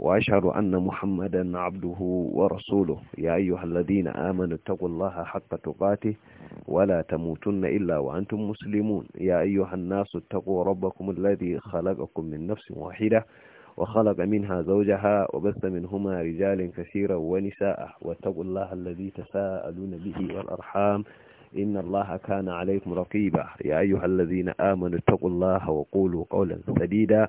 وأشهد أن محمدا عبده ورسوله يا أيها الذين آمنوا اتقوا الله حق تقاته ولا تموتن إلا وأنتم مسلمون يا أيها الناس اتقوا ربكم الذي خلقكم من نفس واحدة وخلق منها زوجها وبث منهما رجال كثيرا ونساء واتقوا الله الذي تساءلون به والأرحام إن الله كان عليكم رقيبا يا أيها الذين آمنوا اتقوا الله وقولوا قولا سديدا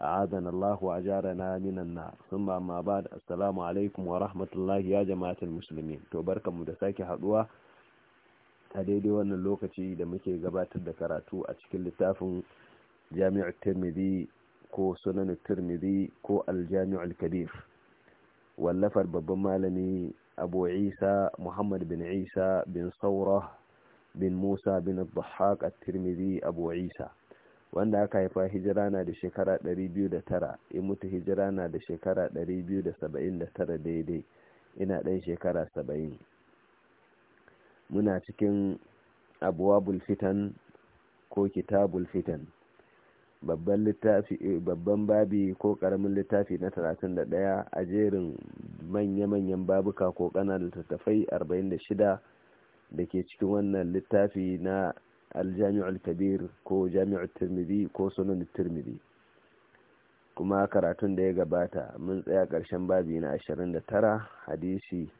أعاذنا الله وأجارنا من النار ثم ما بعد السلام عليكم ورحمة الله يا جماعة المسلمين توبرك مدساكي حدوة هديدي وأن اللوكة مكي قبات الدكراتو أتكل لتافن جامع الترمذي كو سنن الترمذي كو الجامع الكبير واللفر ببمالني أبو عيسى محمد بن عيسى بن صورة بن موسى بن الضحاك الترمذي أبو عيسى wanda aka haifa hijira na da shekara 209 in mutu hijira na da shekara 279 daidai ina ɗan shekara 70 muna cikin abuwa bulfitan ko kita bulfitan babban littafi eh, babban babi ko karamin littafi na 31 a jerin manya-manyan babuka ko ƙananan littattafai 46 da ke cikin wannan littafi na aljami'ul kabir ko jami'ul tirmidhi ko sunan tirmidhi kuma karatun da ya gabata mun tsaya ƙarshen babi na tara, hadisi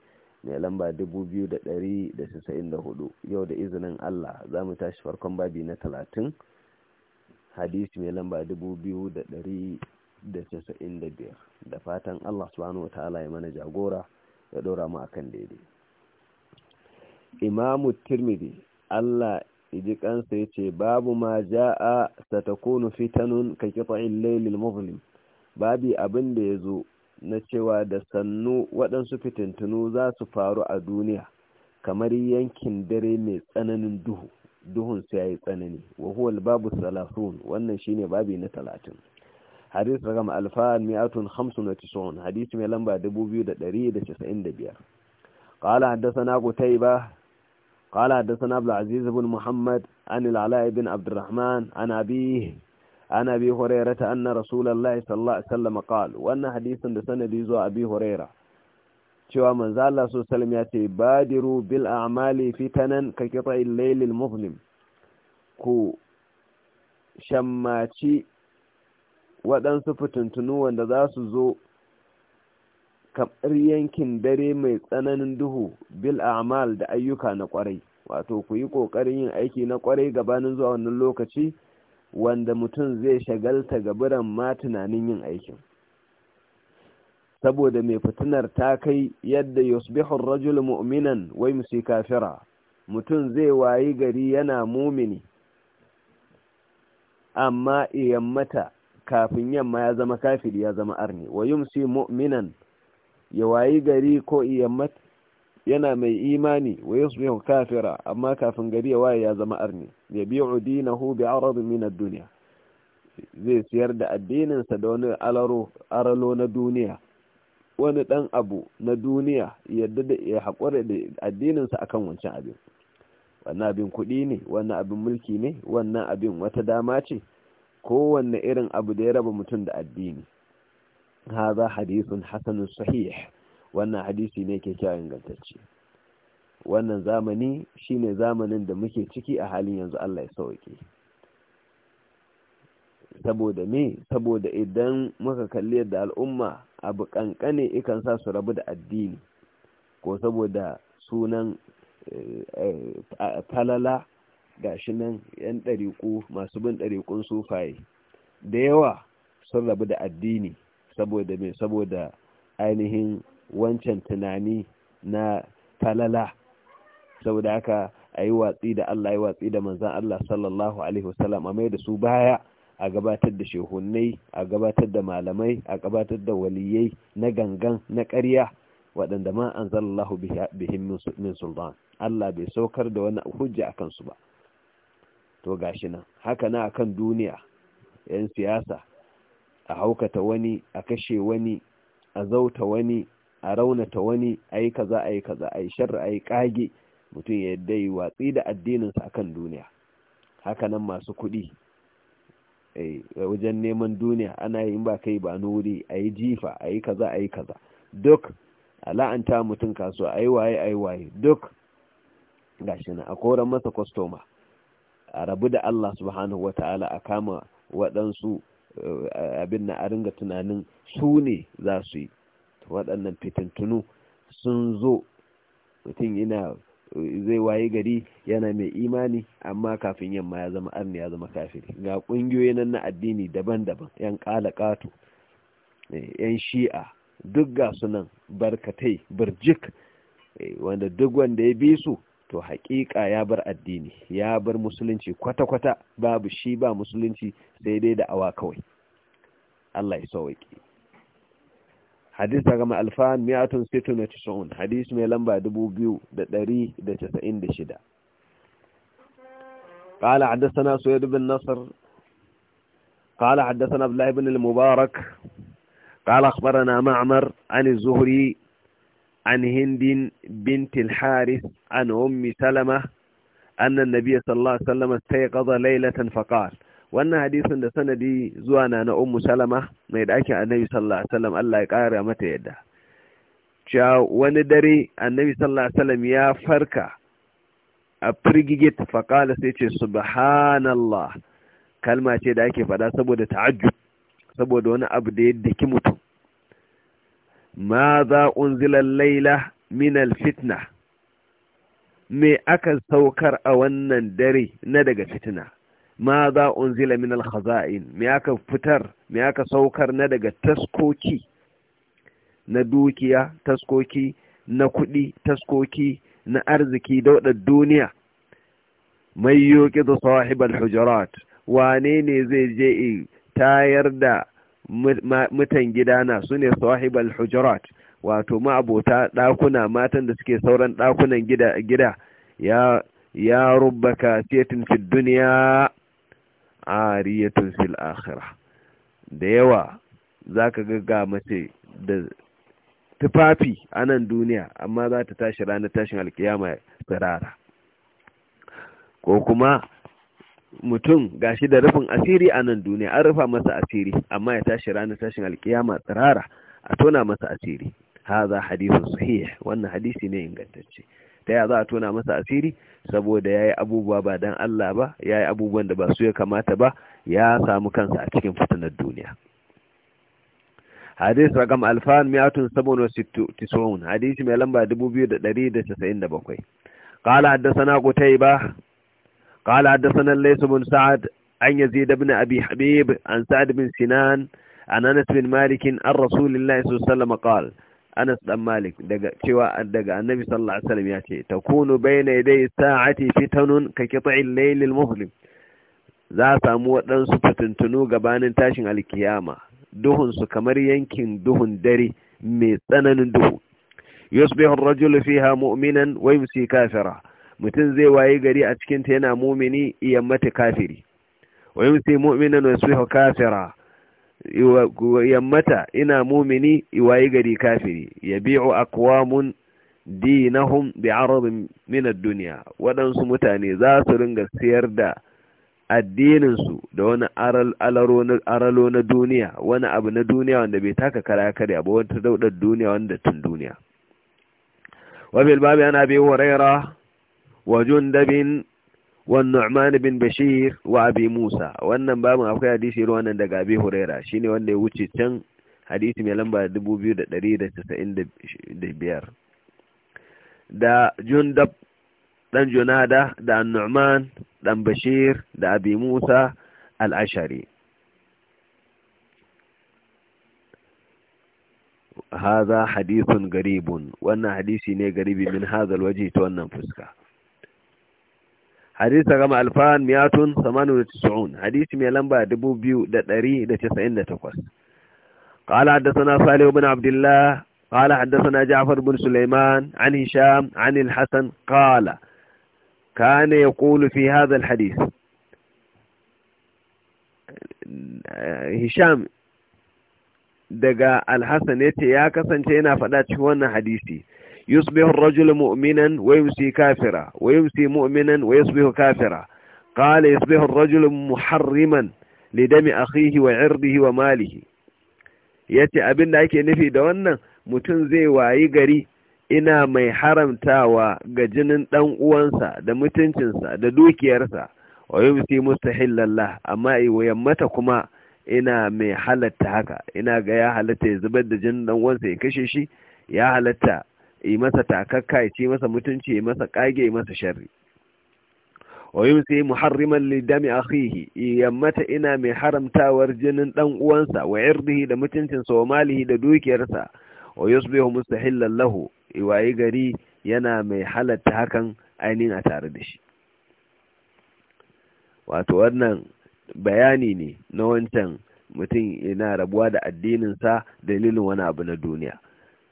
mai lamba 2,194 yau da izinin Allah za mu tashi farkon babi na 30 hadisi mai lamba 2,195 da fatan Allah subhanahu wa ta'ala ya mana jagora ya ɗora mu a kan daidai imamu tirmidhi Allah iji kansa ya ce babu ma ja'a kunu fitanun ka kifa'in lailil muslim babi abin da ya zo na cewa da sannu waɗansu fitintunu za su faru a duniya kamar yankin dare mai tsananin duhu duhun sai ya yi tsanani wa babu salasun wannan shine babi na talatin hadis rakam alfan mi'atun hamsin wa tisu'un hadisi mai lamba dubu biyu da ɗari da casa'in da biyar قال حدثنا قتيبة قال حدثنا عبد العزيز بن محمد عن العلاء بن عبد الرحمن عن أبيه عن أبي هريرة أن رسول الله صلى الله عليه وسلم قال وأن cewa manzo Allah sallallahu ya ce badiru bil a'mali fitanan ka qita'il laylil muzlim ku shammaci waɗansu fitintunu wanda za su zo kamar yankin dare mai tsananin duhu bil a'mal da ayyuka na kwarai wato ku yi kokarin yin aiki na kwarai gabanin zuwa wannan lokaci wanda mutum zai shagalta gaburan ma tunanin yin aikin saboda mai fitinar ta kai yadda yusbihu rajul mu'minan wai musi kafira mutum zai wayi gari yana mumini amma iyammata kafin yamma ya zama kafiri ya zama arni wa yumsi mu'minan ya wayi gari ko iyammat yana mai imani wa yusbihu kafira amma kafin gari ya waye ya zama arni ya bi'u dinahu bi arad min ad-dunya zai siyar da addinin sa da wani alaro aralo na duniya wani dan abu na duniya yadda da ya hakura da addinin sa akan wancan abin wannan abin kuɗi ne wannan abin mulki ne wannan abin wata dama ce kowanne irin abu da ya raba mutum da addini haza hadisun hasanun sahih wannan hadisi ne ke kyau ingantacce wannan zamani shine zamanin da muke ciki a halin yanzu Allah ya sauke saboda me saboda idan muka kalli yadda al'umma abu kankane ikan sa su rabu da addini ko saboda sunan falala gashi nan yan dariku masu bin dariƙun sufaye da yawa sun rabu da addini saboda mai saboda ainihin wancan tunani na falala saboda haka a yi watsi da Allah ya watsi da manzan Allah sallallahu alaihi wasallam a mai da su baya a gabatar da shehunnai a gabatar da malamai a gabatar da waliyai na gangan na karya, waɗanda ma an zallallahu bihin min sultan Allah bai saukar da wani hujja a kansu ba to gashi nan haka na kan duniya 'yan siyasa a haukata wani a kashe wani a zauta wani a raunata wani a yi kaza a yi kaza a yi shar a yi kage mutum ya yadda yi watsi da addininsa a kan duniya hakanan masu kuɗi eh, wajen neman duniya ana yi ba kai ba nuri a yi jifa a yi kaza a yi kaza duk a la'anta mutum kasuwa a yi waye a yi waye duk shi na a koran masa kwastoma a rabu da Allah subhanahu wa ta'ala a kama waɗansu Eh, abin na a ringa tunanin su ne za su yi waɗannan fitintunu sun zo mutum yana eh, zai waye gari yana mai imani amma kafin yamma ya zama arni ya zama kafiri ga ƙungiyoyi nan na addini daban-daban yan ƙala-ƙato, eh, yan shi'a duk ga sunan barkatai birjik wanda duk wanda ya bi su to haƙiƙa ya bar addini ya bar musulunci kwata-kwata babu shi ba musulunci sai dai da awa kawai Allah ya sauwaƙi hadis daga ma'alfan miyatun situn na tisa'un hadis mai lamba dubu biyu da ɗari da casa'in da shida ƙala haddasana soyar bin nasar ƙala haddasana abdullahi bin al-mubarak ƙala akhbarana ma'amar an zuhri An هند بنت الحارث عن أم سلمة أن النبي صلى الله عليه وسلم استيقظ ليلة فقال wannan hadisin da sanadi zuwa na na ummu salama mai ɗakin annabi sallallahu Allah ya ƙara mata yadda cewa wani dare annabi sallallahu ya farka a firgigit faƙala sai ce subhanallah kalma ce da ake faɗa saboda ta'ajjub saboda wani abu da ya daki mutum ma za unzilar laila minal fitna me aka saukar a wannan dare na daga fitina ma za unzila minal khaza'in me aka fitar me aka saukar na daga taskoki na dukiya taskoki na kuɗi taskoki na arziki daudar duniya mai yoki da sahibal hujurat wane ne zai je tayar da mutan gidana su ne sahibal hujurat wato ma'abota ɗakuna matan da suke sauran ɗakunan gida gida ya ya rubba kasiyatin fi duniya ariyatun fil akhirah da yawa zaka ga ga mace da tufafi a nan duniya amma za ta tashi ranar tashin alkiyama tsirara ko kuma mutum gashi da rufin asiri a nan duniya an rufa masa asiri amma ya tashi ranar tashin alkiyama tsirara a tona masa asiri za hadisun sahih wannan hadisi ne ingantacce ta ya za a tona masa asiri saboda ya yi abubuwa ba don Allah ba ya yi abubuwan da ba su ya kamata ba ya samu kansa a cikin fitinar duniya hadis ragam alfan miyatun sabon wasu tisowun hadisi mai lamba 2,197 قال حدثنا قتيبة قال حدثنا الليث بن سعد عن يزيد بن أبي حبيب عن سعد بن سنان عن أنس بن مالك عن رسول الله صلى الله عليه وسلم قال أنس بن مالك شواء الدقاء النبي صلى الله عليه وسلم يأتي تكون بين يدي الساعة فتن كقطع الليل المظلم za samu waɗansu fitintunu gabanin tashin alkiyama duhunsu kamar yankin duhun dare mai tsananin duhu yusbihur rajulu fiha mu'minan wa yumsi kafira mutum zai wayi gari a cikinta yana mumini iyan mata kafiri wa mu'mina na yusbihu kafira yammata ina mumini iwayi gari kafiri Ya yabi'u aqwamun dinahum bi'aradin min ad-dunya Waɗansu mutane za su ringa siyar da addinin su da wani alaro na aralo na duniya wani abu na duniya wanda bai taka kara kare abu wata daudar duniya wanda tun duniya wa bil babi ana bi hurairah وجندب والنعمان بن بشير وابي موسى wannan babu akwai hadisi ruwan daga abi huraira shine wanda ya wuce can hadisi mai lamba 2195 da jundab dan junada da annu'man dan bashir da abi musa al-ashari hadha hadithun garibun wannan hadisi ne garibi min hadal al-waji ta wannan fuska hadisi gama alfan miyatun samanu da tisu'un hadisi mai lamba dubu biyu da ɗari da casa'in da takwas ƙala haddasana salihu bin abdullah ƙala haddasana ja'far bin suleiman an hisham an ilhassan ƙala kana ya ƙulu fi hadha alhadis hisham daga alhassan ya ce ya kasance yana faɗa cikin wannan hadisi يصبح الرجل مؤمنا ويمسي كافرا ويمسي مؤمنا ويصبح كافرا قال يصبح الرجل محرما لدم أخيه وعرضه وماله yace abin da ake nufi da wannan mutum zai wayi gari ina mai haramtawa ga jinin dan uwansa da mutuncinsa da dukiyarsa wa yumsi mustahillallah amma yammata kuma ina mai halatta haka ina ga ya halatta ya zubar da jinin dan uwansa ya kashe shi ya halatta yi masa takakka ya ce masa mutunci ya masa kage ya masa sharri wa sai muharriman Lidami dami akhihi yammata ina mai haramtawar jinin dan uwansa wa irdihi da mutuncin sa wa malihi da dukiyarsa wa yusbihu mustahillan lahu iwayi gari yana mai halatta hakan ainihin a tare da shi wato wannan bayani ne na wancan mutum yana rabuwa da addininsa dalilin wani abu na duniya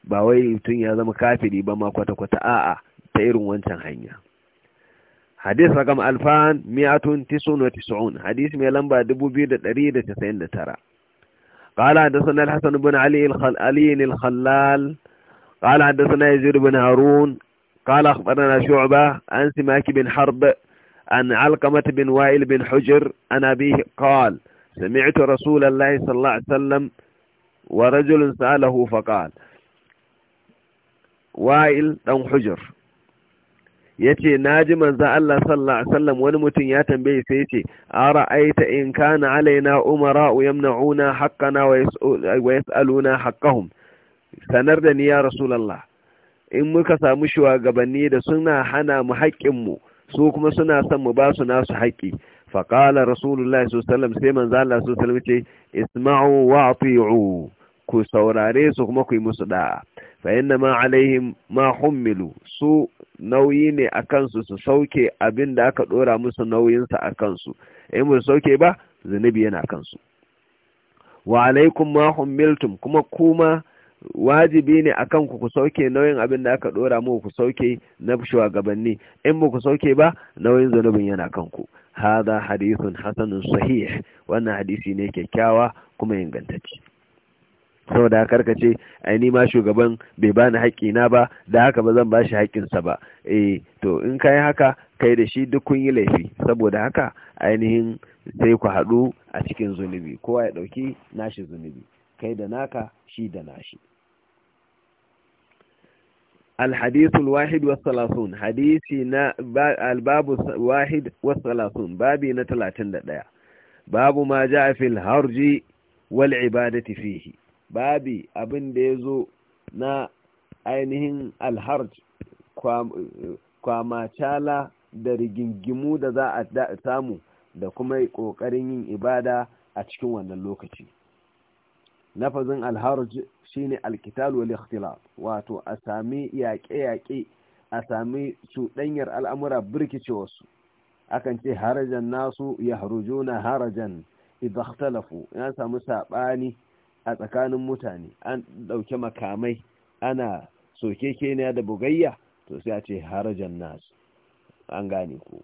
ba wai mutum ya zama kafiri ba ma kwata-kwata a'a ta irin wancan hanya hadis rakam alfan mi'atun tisun hadis mai lamba 2199 قال حدثنا الحسن بن علي الخل... علي الخلال قال حدثنا يزيد بن هارون قال أخبرنا شعبة عن سماك بن حرب عن علقمة بن وائل بن حجر عن أبيه قال سمعت رسول الله صلى الله عليه وسلم ورجل سأله فقال wa'il ɗan hujjar ya ce na ji manza Allah sallallahu Alaihi wasallam wani mutum ya tambaye sai ya ce a ra'aita in ka na alaina umara yamna'una haqqana wa yas'aluna haqqahum sanar da ni ya rasulallah in muka samu shugabanni da suna hana mu haƙƙinmu su kuma suna son mu ba su nasu haƙƙi faƙala rasulullah sallam sai manza Allah sallam ce isma'u wa ati'u ku saurare su kuma ku yi musu da'a fa'inna ma alaihim ma hummilu su nauyi ne a kansu su sauke abin da aka ɗora musu nauyinsa a kansu in ba sauke ba zunubi yana kansu wa alaikum ma hummiltum kuma kuma wajibi ne a kanku ku sauke nauyin abin da aka ɗora muku ku sauke na shugabanni in ba ku sauke ba nauyin zunubin yana kanku hada hadithun hasanun sahih wannan hadisi ne kyakkyawa kuma ingantacce saboda haka karka ce ai ni ma shugaban bai bani haƙƙi na ba da haka ba zan bashi haƙƙin sa ba eh to in kai haka kai da shi duk kun yi laifi saboda haka ainihin sai ku haɗu a cikin zunubi kowa ya ɗauki nashi zunubi kai da naka shi da nashi الحديث الواحد والثلاثون حديثنا الباب الواحد والثلاثون بابي نتلاتن دايا باب ما جاء في الهرج والعبادة فيه babi abin da ya zo na ainihin alharj kwamacala da rigingimu da za a samu da kuma ƙoƙarin yin ibada a cikin wannan lokaci nafazin alharj shine alkital wal ikhtilaf wato a sami yaƙe-yaƙe a sami cuɗanyar al'amura birkice wasu akan ce harajan nasu ya na harajan idakhtalafu ya sami saɓani a tsakanin mutane an ɗauki makamai ana soke keniya da bugayya to sai a ce harajan nasu an gane ku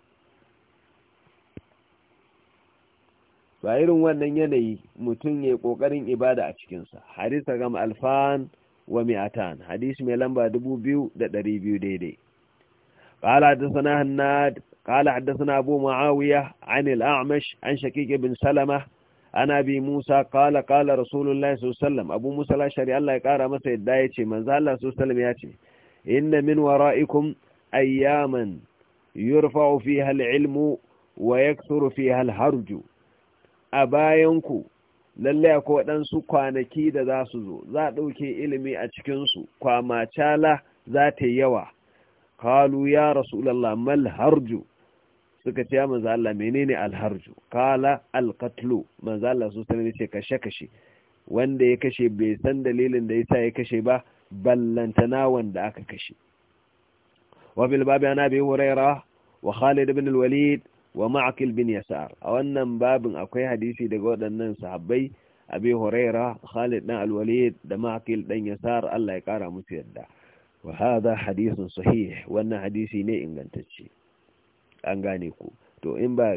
ba irin wannan yanayi mutum ya yi ƙoƙarin ibada a cikinsa hadisa gama alfan wa mi'atan hadisi mai lamba dubu biyu da ɗari biyu daidai قال حدثنا abu قال حدثنا أبو an shakike bin salama. ana bi musa kala kala rasulullahi sallallahu abu musa lashari Allah ya kara masa yadda ya ce manzo Allah sallallahu ya ce inna min wara'ikum ayyaman yurfa'u fiha al-ilmu wa yakthuru fiha al-harju a bayanku lallai akwai waɗansu kwanaki da za su zo za a ɗauke ilimi a cikinsu kwamacala za ta yawa kalu ya rasulallah mal harju suka ce ya manzo Allah menene alharju kala alqatlu manzo Allah su sanin ce kashe kashe wanda ya kashe bai san dalilin da yasa ya kashe ba ballantana wanda aka kashe wa bil babi ana bi huraira wa khalid ibn al wa ma'qil bin yasar a wannan babin akwai hadisi daga waɗannan sahabbai abi huraira khalid ibn alwalid da ma'qil dan yasar Allah ya kara musu yadda wa hadha hadithun sahih wannan hadisi ne ingantacce an gane ku to in ba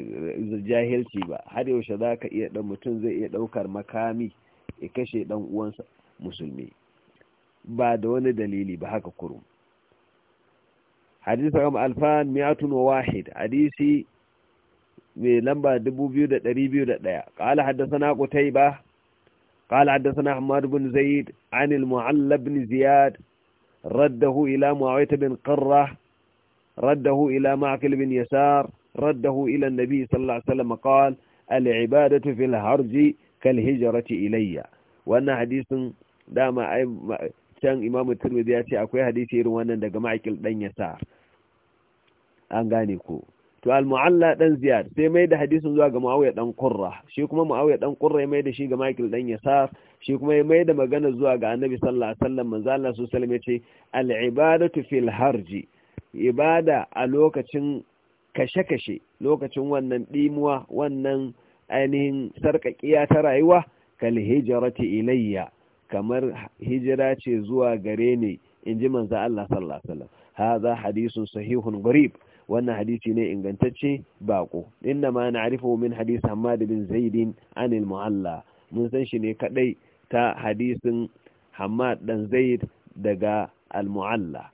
jahilci ba har yaushe za ka iya dan mutum zai iya daukar makami ya kashe dan uwansa musulmi ba da wani dalili ba haka kurum hadisi kam alfan mi'atun wa wahid hadisi mai lamba 2201 qala haddathana qutayba قال haddathana ahmad بن zaid عن المعلى بن زياد ziyad raddahu ila بن bin رده إلى معقل بن يسار رده ila nabi صلى الله عليه وسلم قال العبادة في harji kal إلي ilayya wannan داما dama إمام الترمذي يأتي ya ce akwai hadisi irin wannan daga ma'akil dan to al-mu'alla dan ziyad sai mai da hadisin zuwa ga muawiya dan qurra shi kuma muawiya dan qurra ya mai da shi ga michael dan yasar shi kuma ya mai da magana zuwa ga annabi sallallahu alaihi wasallam manzo Allah sallallahu alaihi wasallam yace al-ibadatu fil harji ibada a lokacin kashe-kashe lokacin wannan ɗimuwa wannan ainihin sarƙaƙiya ta rayuwa kal hijirati ilayya kamar hijira ce zuwa gare ni in ji manzo Allah sallallahu alaihi wasallam hadha hadithun sahihun gharib wannan hadisi ne ingantacce bako inna ma na'rifu min hadith Hammad bin Zaid an al-Mu'alla mun san shi ne kadai ta hadisin Hammad dan Zaid daga al-Mu'alla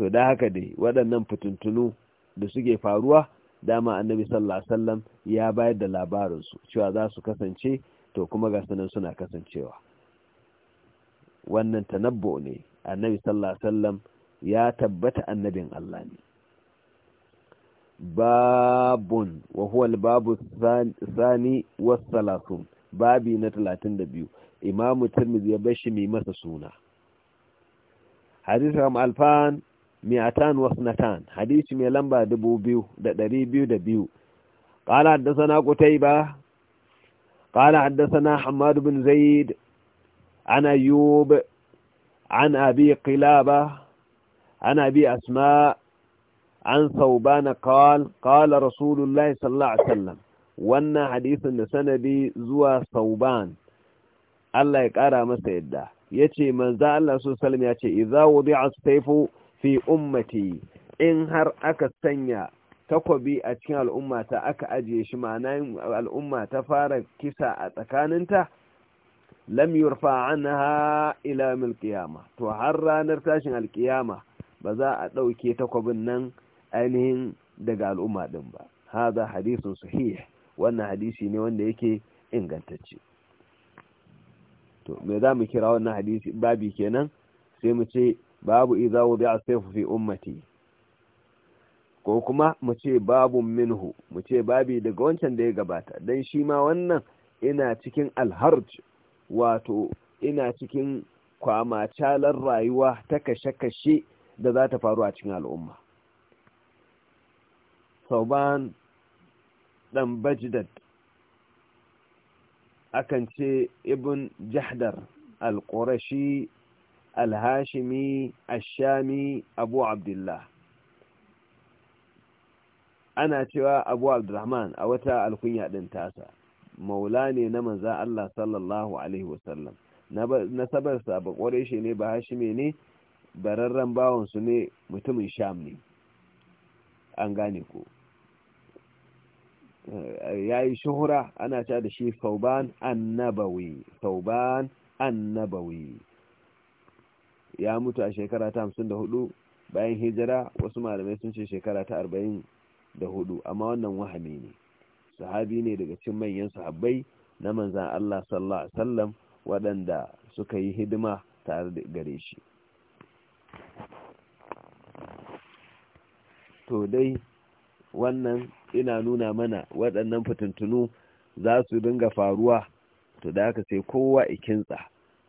to da haka dai waɗannan fitintunu da suke faruwa dama annabi sallallahu alaihi wasallam ya bayar da su cewa za su kasance to kuma ga sanan suna kasancewa wannan tanabbo ne annabi sallallahu alaihi wasallam ya tabbata annabin Allah ne babun wa huwa al-babu thani wa salasun babi na 32 imamu tirmidhi ya bashi mai masa suna hadithu ram alfan mi'atan wa sanatan hadisi mai lamba dubu biyu da ɗari biyu da biyu qala haddathana qutayba qala haddathana hammad bin zaid an ayyub an abi qilaba an abi asma an thawban qala qala rasulullahi sallallahu alaihi wasallam wannan hadisin da sanadi zuwa sauban Allah ya ƙara masa yadda Yace ce manza Allah su salam ya ce iza wubi a staifu fi ummati in har aka sanya takobi a cikin al'umma ta aka ajiye shi ma'ana al'umma ta fara kisa a tsakaninta lam yurfa anha ila mil qiyama to har ranar tashin alqiyama ba za a ɗauke takobin nan ainihin daga al'umma din ba hadha hadithun sahih wannan hadisi ne wanda yake ingantacce to me za mu kira wannan hadisi babi kenan sai mu ce babu idza a sayfu fi ummati ko kuma mu ce babu minhu mu ce babi daga wancan da ya gabata dan shi ma wannan ina cikin alharj wato ina cikin kwamacalar rayuwa ta kashe-kashe da za ta faru a cikin al'umma sauban ɗan bajdad akan ce ibin jahdar al-qurashi alhashimi ashami abu abdullah ana cewa abu abdurrahman a wata alkunya ɗin tasa maula ne na manza Allah sallallahu alaihi wasallam nasabarsa ba ƙware shi ne ba hashime ne bararren bawansu ne mutumin sham ne an gane ko ya yi shuhura ana cewa da shi sauban annabawi sauban ya mutu a shekara ta hamsin da hudu bayan hijira wasu malamai sun ce shekara ta arba'in da hudu amma wannan wahami ne sahabi ne daga cikin manyan sahabbai na manzan Allah sallallahu alaihi wasallam waɗanda suka yi hidima tare da gare shi to dai wannan ina nuna mana waɗannan fitintunu za su dinga faruwa to da haka sai kowa ikintsa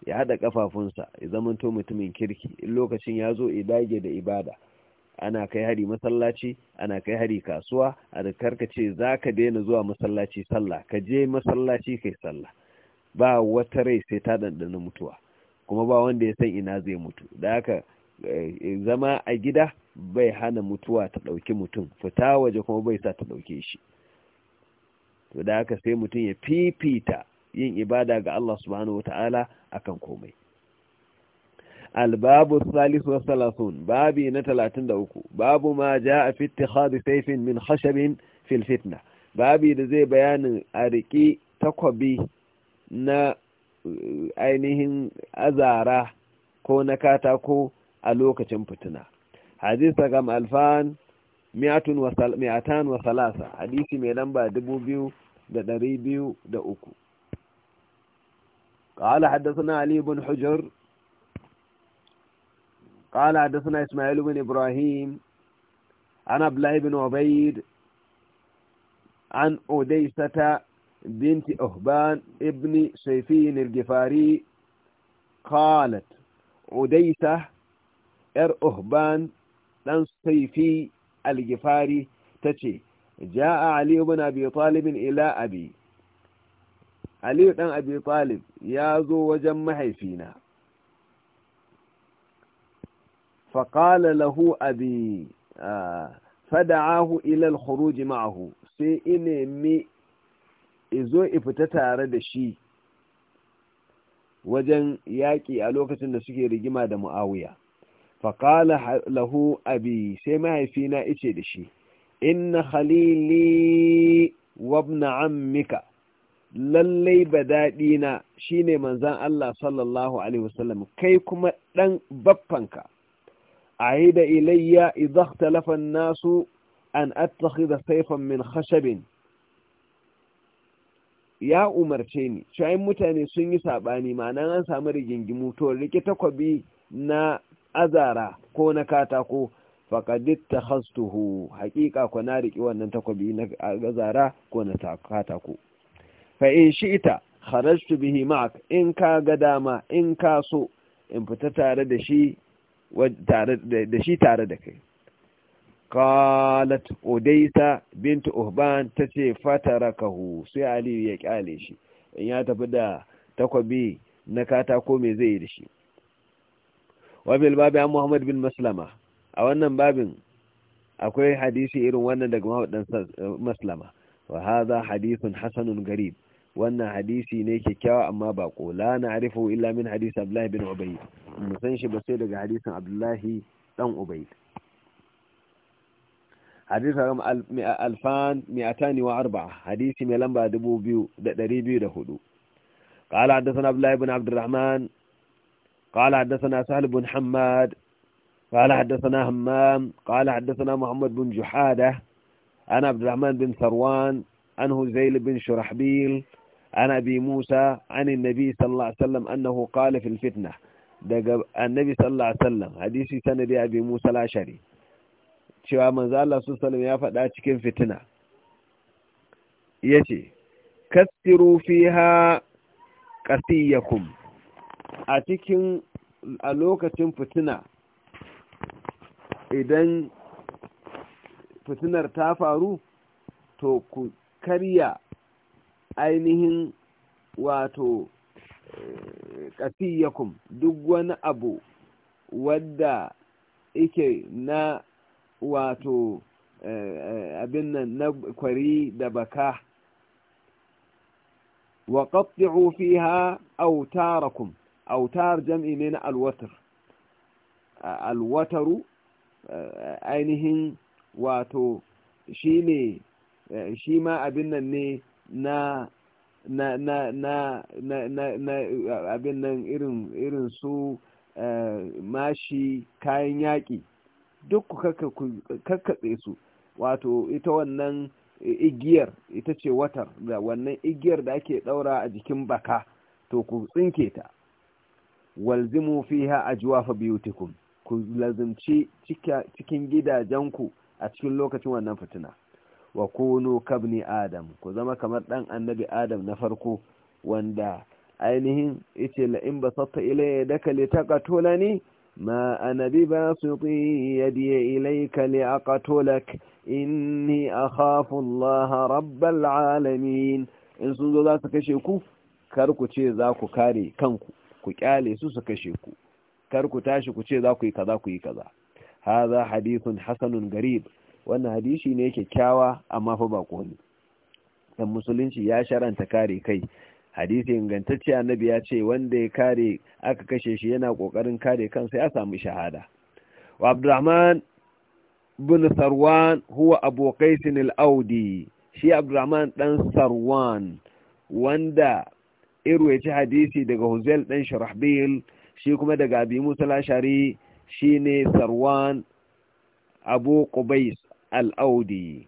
ya haɗa ƙafafunsa ya zamanto mutumin kirki in lokacin ya zo dage da ibada ana kai hari masallaci ana kai hari kasuwa a da karkace za ka daina zuwa masallaci sallah ka je masallaci kai sallah ba wata rai sai ta ɗanɗana mutuwa kuma ba wanda ya san ina zai mutu da haka eh, zama a gida bai hana mutuwa ta ɗauki mutum fita waje kuma bai sa ta ɗauke shi to da haka sai mutum ya fifita yin ibada ga Allah subhanahu wata'ala akan komai albabu salis wa salasun babi na talatin da uku babu ma ja a fitti hadu saifin min hashabin filfitna fitna babi da zai bayanin a riƙi takwabi na uh, ainihin azara ko na katako a lokacin fitina hadisa gam alfan mi'atan wa salasa hadisi mai lamba dubu biyu da ɗari biyu da uku قال حدثنا علي بن حجر قال حدثنا إسماعيل بن إبراهيم عن أبلاي بن عبيد عن أديسة بنت أهبان ابن سيفين الجفاري قالت أديسة ار أهبان لن سيفي الجفاري تتي جاء علي بن أبي طالب إلى أبي aliyu ɗan abi talib ya zo wajen mahaifina faƙala lahu abi ah, fada'ahu ilal khuruji ma'ahu sai mi izo ifita tare da shi wajen yaƙi a lokacin da suke rigima da mu'awiya faƙala lahu abi sai mahaifina ice da shi inna khalili wabna ammika lallai ba daɗi na shine manzan Allah sallallahu alaihi wasallam kai kuma ɗan baffanka da ilayya idan ikhtalafa lafan nasu an da saifan min khashabin ya umarce ni shayin mutane sun yi saɓani ma'anan an samu rigingimu to rike takwabi na azara ko na katako faƙadit ta hastuhu haƙiƙa ku na riƙi wannan takwabi na azara ko na katako fa in shi'ita kharajtu bihi ma'ak in ka ga dama in ka so in fita tare da shi tare da shi tare da kai qalat udaysa bint uhban tace fatarakahu sai ali ya kyale shi in ya tafi da takwabi na katako mai zai yi da shi wa bil babi an muhammad bin maslama a wannan babin akwai hadisi irin wannan daga muhammad eh, maslama wa hadha hadithun hasanun garib wannan hadisi ne kyakkyawa amma ba ko la na arifu illa min hadisi abdullahi bin ubayd mu san shi ba sai daga hadisin abdullahi dan ubayd hadisi ram alfan mi'atani wa arba'a hadisi mai lamba 2204 qala hadathana abdullahi bin abdurrahman qala hadathana sahl bin hammad قال حدثنا همام قال حدثنا محمد بن جحادة عن عبد الرحمن بن Sarwan. عن هزيل بن Shurahbil. عن أبي موسى عن النبي صلى الله عليه وسلم أنه قال في الفتنة النبي صلى الله عليه وسلم حديث سند أبي موسى العشري cewa manzo ya faɗa cikin fitina yace kasiru fiha qasiyakum a cikin lokacin fitina idan fitinar ta faru to ku karya ainihin wato ƙafiyakum eh, duk wani abu wadda ike na wato eh, abin nan na kwari da baka wa qatti'u fiha awtarakum autar jam'i ne na alwatar alwataru eh, ainihin wato shine shi ma abin nan ne na na na na na na na abin nan irin irin su eh, mashi kayan yaƙi duk ku kakkatse su wato ita wannan igiyar ita ce watar da wannan igiyar da ake ɗaura a jikin baka to ku tsinke ta walzimu fiha ajwafa biyutikun ku lazimci cikin gidajenku a cikin lokacin wannan fitina wa kunu kabni adam ku zama kamar dan annabi adam na farko wanda ainihin yace la in basatta ilayya daka li taqatulani ma ana bi basiti yadi ilayka li aqatulak inni akhafu allaha rabbal alamin in sun zo za su kashe ku kar ku ce za ku kare kanku ku kyale su su kashe ku kar ku tashi ku ce za ku yi kaza ku yi kaza hadha hadithun hasanun garib wannan hadisi ne kyakkyawa amma fa ba ne dan musulunci ya sharanta kare kai hadisi ingantacce annabi ya ce wanda ya kare aka kashe shi yana kokarin kare kansa ya samu shahada wa abdurrahman bin sarwan huwa abu qais al-audi shi abdurrahman dan sarwan wanda irwaci hadisi daga huzail dan sharahbil shi kuma daga abi musa shi shine sarwan abu qubais al'audi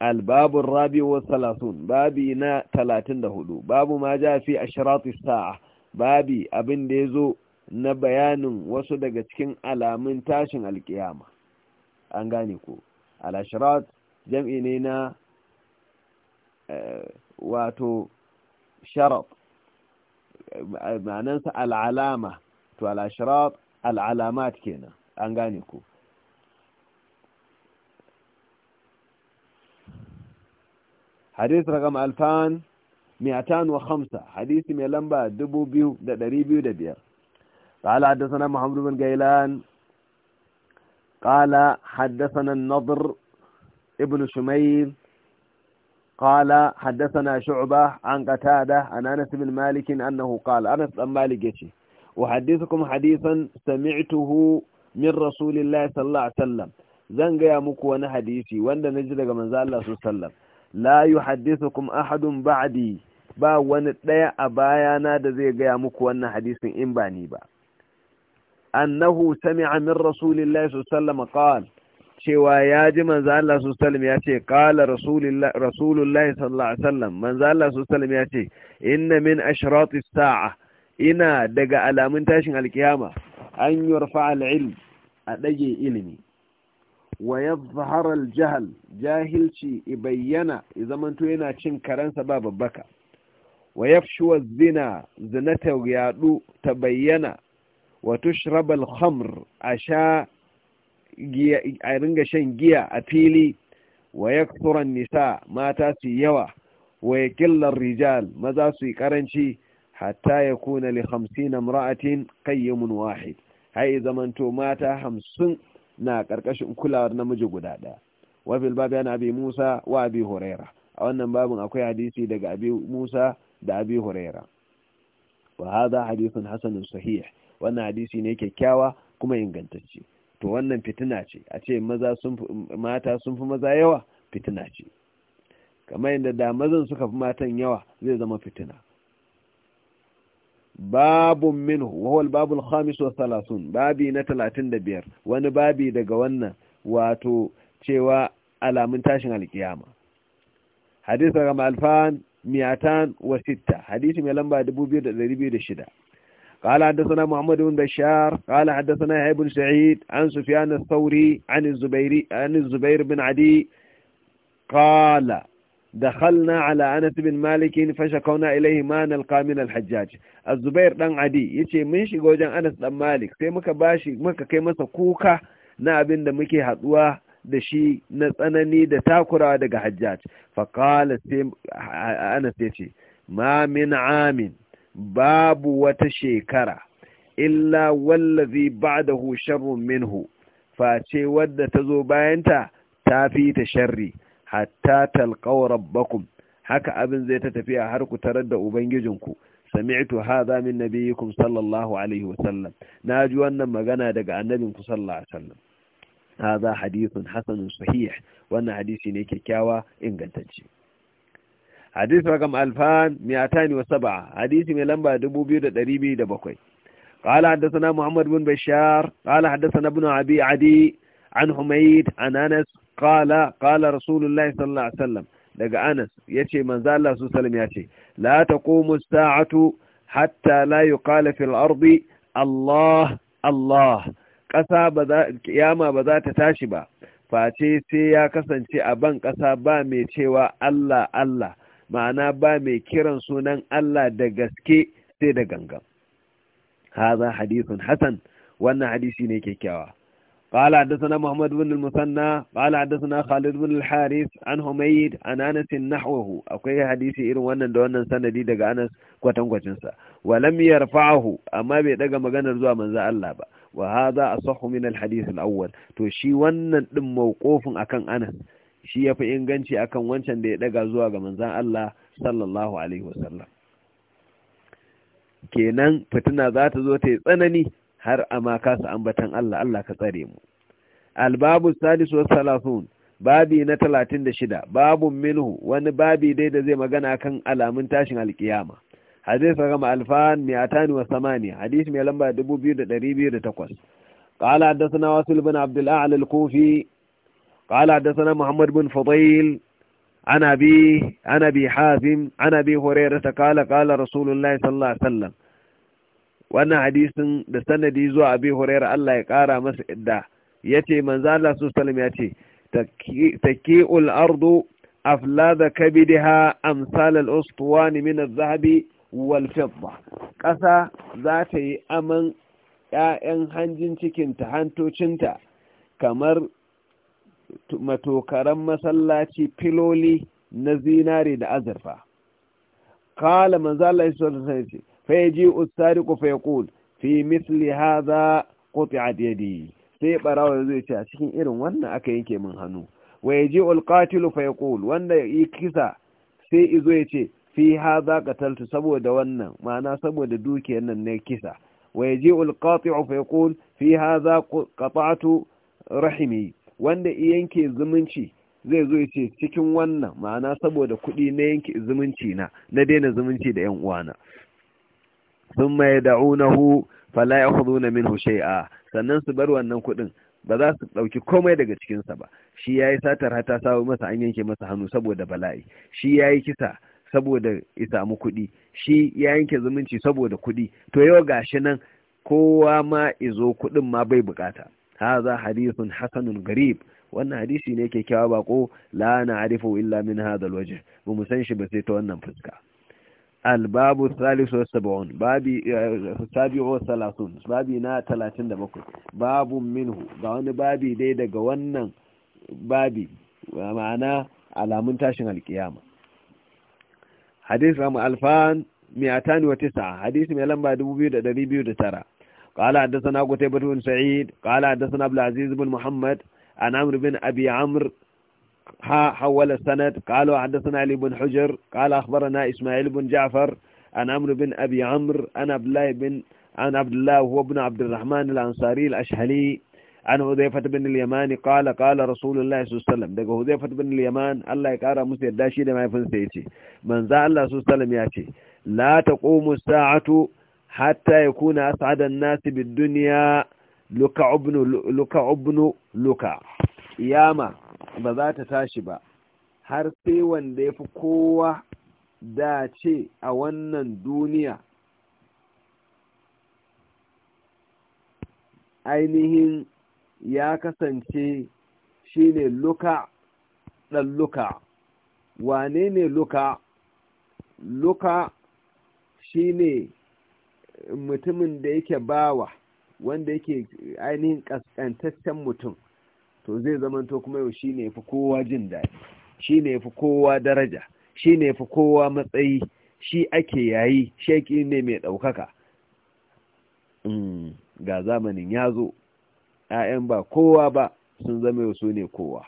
albabun rabi wa salasun babi na talatin da hudu babu ma ja fi a ashiratu sa'a babi abin da ya zo na bayanin wasu daga cikin alamun tashin alkiyama an gane ku. al-ashirat jam'i ne na wato sharaf ma'anansa al'alama to al'ashirat al'alamat kenan an gane ku حديث رقم alfan mi'atan wa khamsa hadisi mai lamba dubu biyu da ɗari قال حدثنا محمد بن قيلان قال حدثنا النضر ابن شميل قال حدثنا شعبة عن قتادة عن أنس بن مالك أنه قال أنس بن مالك يشي وحديثكم حديثا سمعته من رسول الله صلى الله عليه وسلم زنجا يا مكو حديثي وانا نجد من زال الله صلى الله عليه وسلم la kuma ahadun ba'di ba wani ɗaya a bayana da zai gaya muku wannan hadisin in ba ni ba annahu sami'a min rasulillahi sallallahu alaihi cewa ya ji manzo Allah sallallahu ya ce qala rasulullahi sallallahu alaihi wasallam manzo Allah ya ce ina min ashratis sa'a ina daga alamun tashin alkiyama an yurfa al-ilm a dage ilimi wa ya zaharar jahal jahilci bayyana zamanto yana cin karansa ba babbaka wa ya zina zina ta yadu ta bayyana wa tushrabal khamr a sha a ringa shan giya a fili wa ya nisa mata su yawa wa ya killar rijal maza su karanci hatta ya kuna li hamsin amra'atin qayyamun wahid hai zamanto mata hamsin na karkashin kulawar namiji guda ɗaya wa fil babu yana abi musa wa abi huraira a wannan babin akwai hadisi daga abi musa da abi huraira wa hadha hadisin hasanin sahih wannan hadisi ne kyakkyawa kuma ingantacce to wannan fitina ce a ce mata sun fi maza yawa fitina ce kamar yadda da mazan suka fi matan yawa zai zama fitina babun minhu wahal babul khamis wa salasun babi na talatin da biyar wani babi daga wannan wato cewa alamun tashin alkiyama hadis daga malfan miyatan wa hadisi mai lamba dubu biyu da dari biyu da shida قال حدثنا محمد بن بشار قال حدثنا يحيى سعيد عن سفيان الثوري عن الزبير عن الزبير بن عدي قال dakhalna ala anas bin malik fa shakawna ilayhi ma nalqa min al-hajjaj az-zubair dan adi yace mun shiga wajen anas dan malik sai muka bashi muka kai masa kuka na abinda muke haduwa da shi na tsanani da takurawa daga hajjaj fa qala anas yace ma babu wata shekara illa wallafi ba'dahu sharrun minhu face wadda tazo bayanta ta fi ta sharri hatta talqaw rabbakum haka abin zai ta tafiya har ku tarar da ubangijinku sami'tu hadha min nabiyikum sallallahu alaihi wa sallam naji wannan magana daga annabinku sallallahu alaihi wa sallam hadha hadithun hasan sahih wannan hadisi ne kyakkyawa ingantacce hadith rakam alfan 207 hadisi mai lamba 2207 قال حدثنا محمد بن بشار قال حدثنا ابن عبي عدي عن حميد عن أنس qala qala sallallahu alaihi wasallam daga Anas yace manzo Allah su sallam yace la taqumu saatu hatta la yuqala fil ardi Allah Allah ba za ta tashi ba face sai ya kasance a ban ƙasa ba mai cewa Allah Allah ma'ana ba mai kiran sunan Allah da gaske sai da gangan haza hadisun hasan wannan hadisi ne kyakkyawa قال حدثنا محمد بن المثنى قال حدثنا خالد بن الحارث عن حميد عن انس نحوه akwai hadisi irin wannan da wannan sanadi daga Anas kwatankwacin sa walam yarfa'ahu amma bai daga maganar zuwa manzo Allah ba wa hadha asahhu min alhadith alawwal to shi wannan din mawqufin akan Anas shi yafi inganci akan wancan da ya daga zuwa ga manzon Allah sallallahu alaihi wasallam kenan fitina za ta zo ta yi tsanani har amma kasa ambatan Allah Allah ka tsare mu albabu Salisu wasu salafun babi na talatin da shida babun minhu wani babi dai da zai magana kan alamun tashin alkiyama hadis gama alfan mi'atan wa samani hadis mai lamba dubu biyu da ɗari biyu da takwas Ƙala حدثنا واصل bin Abdul الأعلى al قال حدثنا محمد Muhammad bin عن ana bi, أبي ana عن أبي هريرة قال قال رسول الله صلى sallallahu wannan hadisin da sanadi zuwa abi huraira Allah ya ƙara masa idda yace manzo Allah su ya yace taki'ul ardu aflada kabidha amsal al-ustuwan min az-zahabi wal fidda za ta yi aman ƴaƴan hanjin cikinta hantocinta kamar matokaran masallaci filoli na zinare da azurfa kala manzo Allah ya sallam فيجيء السارق fi في مثل هذا قطعت yadi sai barawa zai ce a cikin irin wannan aka yanke min hannu wa ya ji wanda ya yi kisa sai izo ya ce fi haza za saboda wannan ma'ana saboda dukiyar nan na kisa wa ya ji fi haza za rahimi wanda yanke zumunci zai zo ya ce cikin wannan ma'ana saboda kuɗi na yanke zumunci na na daina zumunci da 'yan uwana Sun thumma yad'unahu fala min min shay'a sannan su bar wannan kuɗin ba za su ɗauki komai daga cikinsa ba shi ya yi satar hata samu masa an yanke masa hannu saboda bala'i shi ya yi kisa saboda ya samu kuɗi shi ya yanke zumunci saboda kuɗi to yau shi nan kowa ma izo kuɗin ma bai bukata za hadisun hasanun garib wannan hadisi ne kyakkyawa bako la na arifu illa min hadha alwajh ba mu san shi ba sai ta wannan fuska albabu salisu wa saba'un babi sabi'u wa salasun babi na talatin da bakwai babu minhu ga wani babi dai daga wannan babi ma'ana alamun tashin alkiyama hadis ramu alfan mi'atani wa tisa hadisi mai lamba dubu biyu da dari biyu da tara قال حدثنا قتيبة بن سعيد قال حدثنا عبد العزيز بن محمد عن عمرو ها حول السند قالوا حدثنا علي بن حجر قال أخبرنا إسماعيل بن جعفر عن عمرو بن أبي عمرو عن عبد الله بن عن عبد الله وهو ابن عبد الرحمن الأنصاري الأشهلي عن هذيفة بن اليمان قال قال رسول الله صلى daga Hudhaifah bin al-Yaman Allah ya kara musu yadda shi da mahaifinsa yace manzo Allah sallallahu alaihi wasallam yace la taqumu as-sa'atu hatta yakuna as'ada an-nas bid-dunya luka luka ibn luka yama ba za ta tashi ba har sai wanda ya fi kowa dace a wannan duniya ainihin ya kasance shi ne luka ɗan luka wane ne luka luka shi ne mutumin da yake bawa wanda yake ainihin ƙasƙantaccen mutum to zai zamanto kuma yau ne fi kowa jin daɗi ne fi kowa daraja ne fi kowa matsayi shi ake yayi shaiki ne mai ɗaukaka mm, ga zamanin ya zo ‘ya'yan ba kowa ba sun zama yau su ne kowa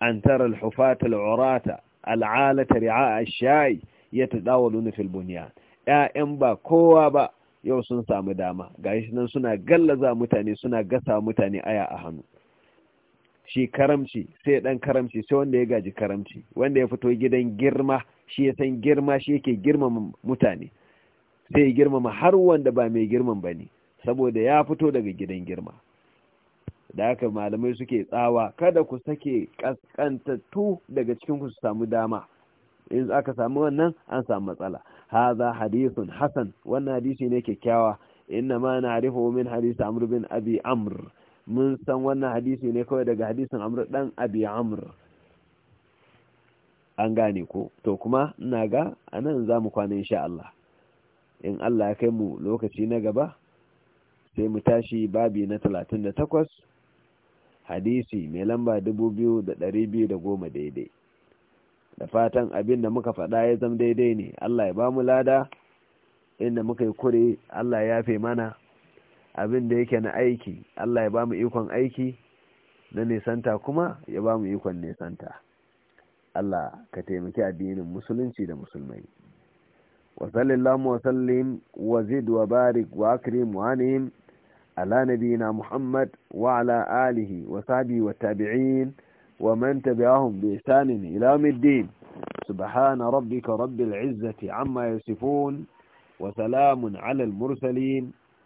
an tara alhufata al'urata al'alata ri'a shayi ya taɗawa luna filbuniya ‘ya'yan ba kowa ba yau sun samu dama ga shi nan suna gallaza mutane suna gasa mutane aya a hannu shi karamci sai dan karamci sai wanda ya gaji karamci wanda ya fito gidan girma shi ya san girma shi yake girmama mutane sai ya girmama har wanda ba mai girman ba ne saboda ya fito daga gidan girma da haka malamai suke tsawa kada ku sake kaskantattu daga cikin ku su samu dama in aka samu wannan an samu matsala haza hadithun hasan wannan hadisi ne kyakkyawa inna ma harifo min hadisi amr bin abi amr mun san wannan hadisi ne kawai daga hadisin amru dan abi amr an gane ko to kuma ina ga anan zamu kwana insha Allah in Allah ya kai mu lokaci na gaba sai mu tashi babi na 38 hadisi mai lamba 2210 daidai da fatan abin da muka faɗa ya zama daidai ne Allah ya ba mu lada inda muka yi kure Allah ya fe mana abin da yake na aiki Allah ya ba mu ikon aiki na nisanta kuma ya ba mu ikon nisanta Allah ka taimaki addinin musulunci da musulmai wa sallallahu wa sallim wa zid wa barik wa akrim wa anim ala nabiyina muhammad wa ala alihi wa sahbihi wa tabi'in wa man tabi'ahum bi ihsan ila yawmiddin subhana rabbika rabbil izzati amma yasifun wa salamun ala al mursalin